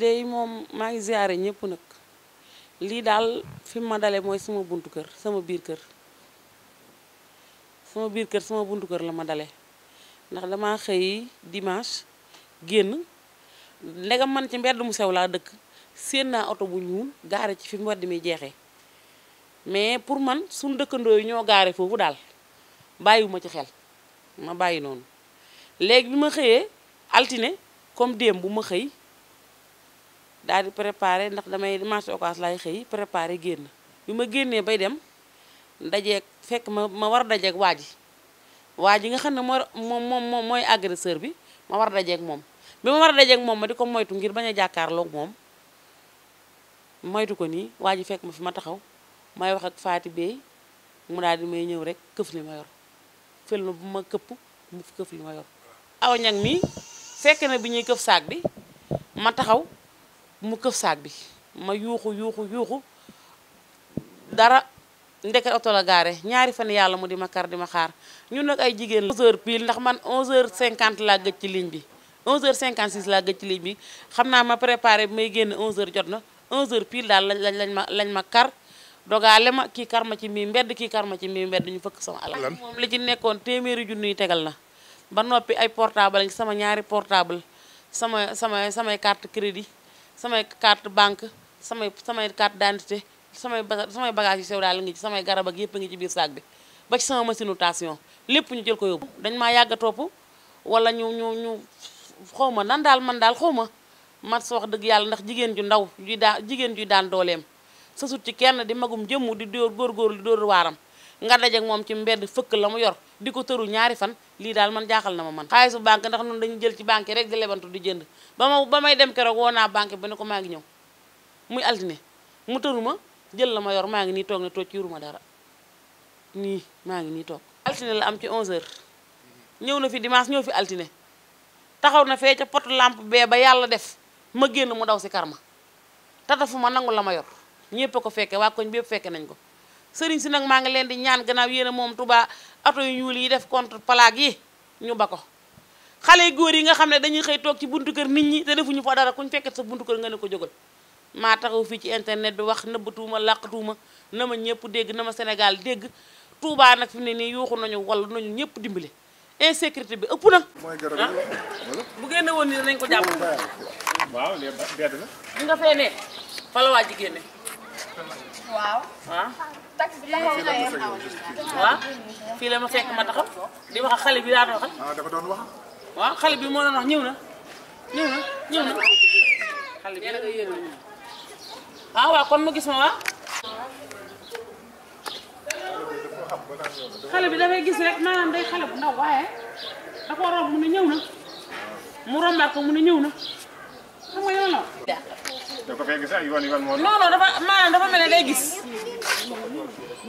lii moom maa ngi ziare ñépp nag lii daal fi ma dale mooy suma buntu kër sama biir kër sama biir kër sama buntu kër la ma dale ndax dama xëy dimanche génn ndegam man ci mbedd mu sew laa dëkk séen naa oto bu ñuul gaare ci fi mbedd mi jeexee mais pour man suñ dëkkandoo yi ñoo gaare foofu daal bàyyiwuma ci xel ma bàyyi noonu léegi bi ma xëyee altine comme démb bu ma xëy daal di préparé ndax damay marché occas laay xëy préparé génn bi ma génnee bay dem ndajeeg fekk ma ma war dajeeg waa ji waa ji nga xam ne moo moom moom mooy agresseur bi ma war dajeeg moom bi ma war dajeeg moom ma di ko moytu ngir bañ a jàkkaarloog moom moytu ko nii waa ji fekk ma fi ma taxaw may wax ak Faati Bey mu daal di may ñëw rek këf li ma yor fël na bu ma këpp mu këf li ma yor aw ñag mi fekk na bi ñuy këf saak bi ma taxaw mu këf saag bi ma yuuxu yuuxu yuuxu dara ndeket oto la gaare ñaari fan yàlla mu di ma kar di ma xaar ñun nag ay jigéen la. 11h pile ndax man 11h50 laa gëj ci ligne bi 11h56 laa gëj ci ligne bi xam naa ma préparé bi may génn 11h jot na 11h pile daal lañ lañ ma lañ ma kar dogaale ma kii kar ma ci mii mbedd kii kar ma ci mii mbedd ñu fëkk sama alal. moom li ci nekkoon téeméeri junni tegal na. ba noppi ay portable sama ñaari portable sama sama samay carte crédit. samay carte banque samay samay carte d'identité samay samay bagage yu sew daal ngi ci samay garab ak yëpp ngi ci biir saak bi ba ci sama machine rotation lépp ñu jël ko yóbbu dañ maa yàgg topp wala ñu ñu ñu xaw ma nan daal man daal xaw ma man sa wax dëgg yàlla ndax jigéen ju ndaw juy daan jigéen juy daan dooleem sa sut ci kenn di magum jëmm di dóor góorgóorlu di dóor waaram nga dajeeg moom ci mbedd fëkk la mu yor di ko tëru ñaari fan lii daal man jaaxal na ma man xaalisu banque ndax noonu dañu jël ci banque rek di lebantu di jënd ba ma ba may dem keroog woo naa banque ba ne ko maa ngi ñëw muy altine mu tëru ma jël la ma yor maa ngi nii toog ne toog ci ma dara nii maa ngi nii toog altine la am ci 11h ñëw na fi dimanche ñëw fi altine taxaw na fee ca pot lampe bee ba yàlla def ma génn mu daw si karma tatafu ma nangu la ma yor ñëpp a ko fekke koñ bépp fekke nañ ko sëriñ si nag maa ngi leen di ñaan ganaaw yéen moom tubaa oto yu ñuul yi def contre plaque yi ñu ba ko xale góor yi nga xam ne dañuy xëy toog ci buntu kër nit ñi te defuñu fa dara kuñ fekket sa buntu kër nga ne ko jógal maa taxaw fii ci internet bi wax nëbbatuuma làqatuuma na ma ñëpp dégg na ma Sénégal dégg Touba nag fi mu ne nii yuuxu nañu wala nañu ñëpp dimbali insécurité bi ëpp na. mooy garab yi bu génne woon nii danañ ko jàpp. waaw léegi ba bedd la. nga fee ne fa la waa ji génne waaw. ah. waaw ah? fii la ma fekk ma taxaw di wax ak xale bi daa doon ah, waaw xale bi moo doon wax na ñëw na ñëw na. xale bi nag yéen ah, ma gis ma bi dafay gis rek maanaam day xale bu ndaw waaye da koo mu ne ñëw na mu rombaat ko mu ne ñëw na xam nga yoon la. da ko fee gis ay yoon yoon moo. dafa maanaam dafa mel ne day gis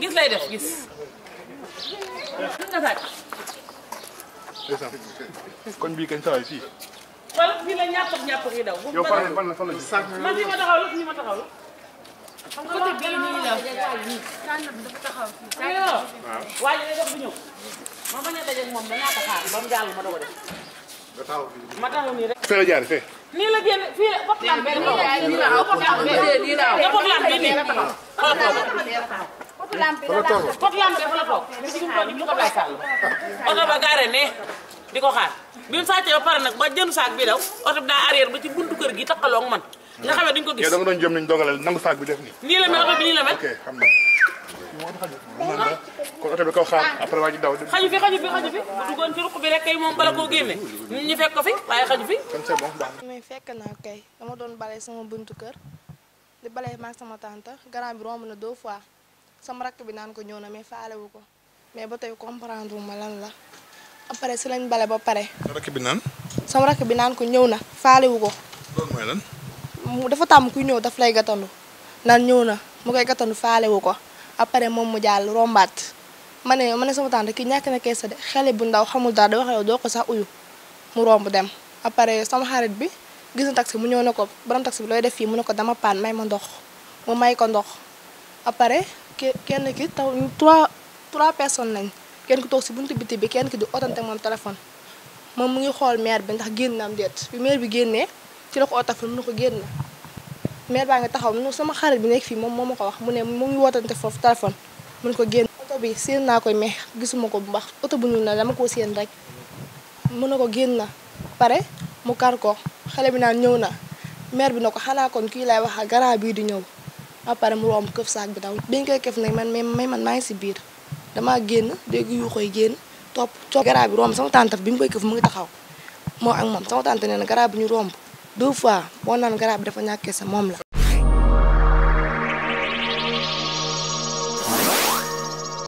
gis lay def gis. kon bii kañ saa fii. wala fii la ñàpp ñàpp yi daw. yow fan la taxaw la a dajeeg moom danaa ko def. ma taxaw nii rek. fee jaar fee. nii la génn fii Potelane nii la aw Potelane benn nii ne di ko xaar bi mu sàccee nag ba jënd saak bi daw oto bi daa arrière ba ci kër gi taxaloo man nga xamee duñ ko gis. yow doon jëm nañ dogalal nangu saak bi def nii. la mel bi nii la mel. kon oto bi kaw xaar après waa ji daw. xaju fi xaju fi xaju fi bu fekk na. mais fekk naa kay dama doon bale sama buntu kër di bale maag sama tante grand bi romb na deux fois sama rakk bi naan ko ñëw na mais faale ko mais ba tey comprendre ma lan la après si lañ bale ba pare. sama rakk bi bi naan ko na faale ko. loolu mooy lan. mu dafa tàmm kuy ñëw daf lay gàttandu naan ñëw na mu koy gàttandu faale ko après moom mu jàll rombaat. mane ne ma ne sama tante kii ñàkk na kees de xale bu ndaw xamul daal di wax doo ko sax uyu mu romb dem après sama xarit bi gis na taxi mu ñëw na ko borom taxi bi looy def fii mu ne ko dama paan may ma ndox mu may ko ndox après kenn ki taw trois trois personnes nañ kenn ki toog si bunt biti bi kenn ki di otante moom téléphone moom mu ngi xool mair bi ndax génn na am déet bi maire bi génnee ci la ko otafal mu ne ko génn na baa nga taxaw sama xarit bi nekk fii moom moo ma ko wax mu ne mu ngi wootante foofu téléphone mu ko génn bi séen naa koy mais gisuma ko bu baax oto bu ñuul na dama koo séen rek mën na ko génn na pare mu kar ko xale bi naan ñëw na maire bi na ko xanaa kon kii lay wax ak garant bii di ñëw a pare mu romb këf saak bi daw biñ koy këf nag man may man maa ngi si biir damaa génn dégg yu koy génn topp coow garant bi romb sama bi mu koy këf mu ngi taxaw moo ak moom sama tante nee na garant bi ñu romb deux fois boo naan garant bi dafa ñàkkee sa moom la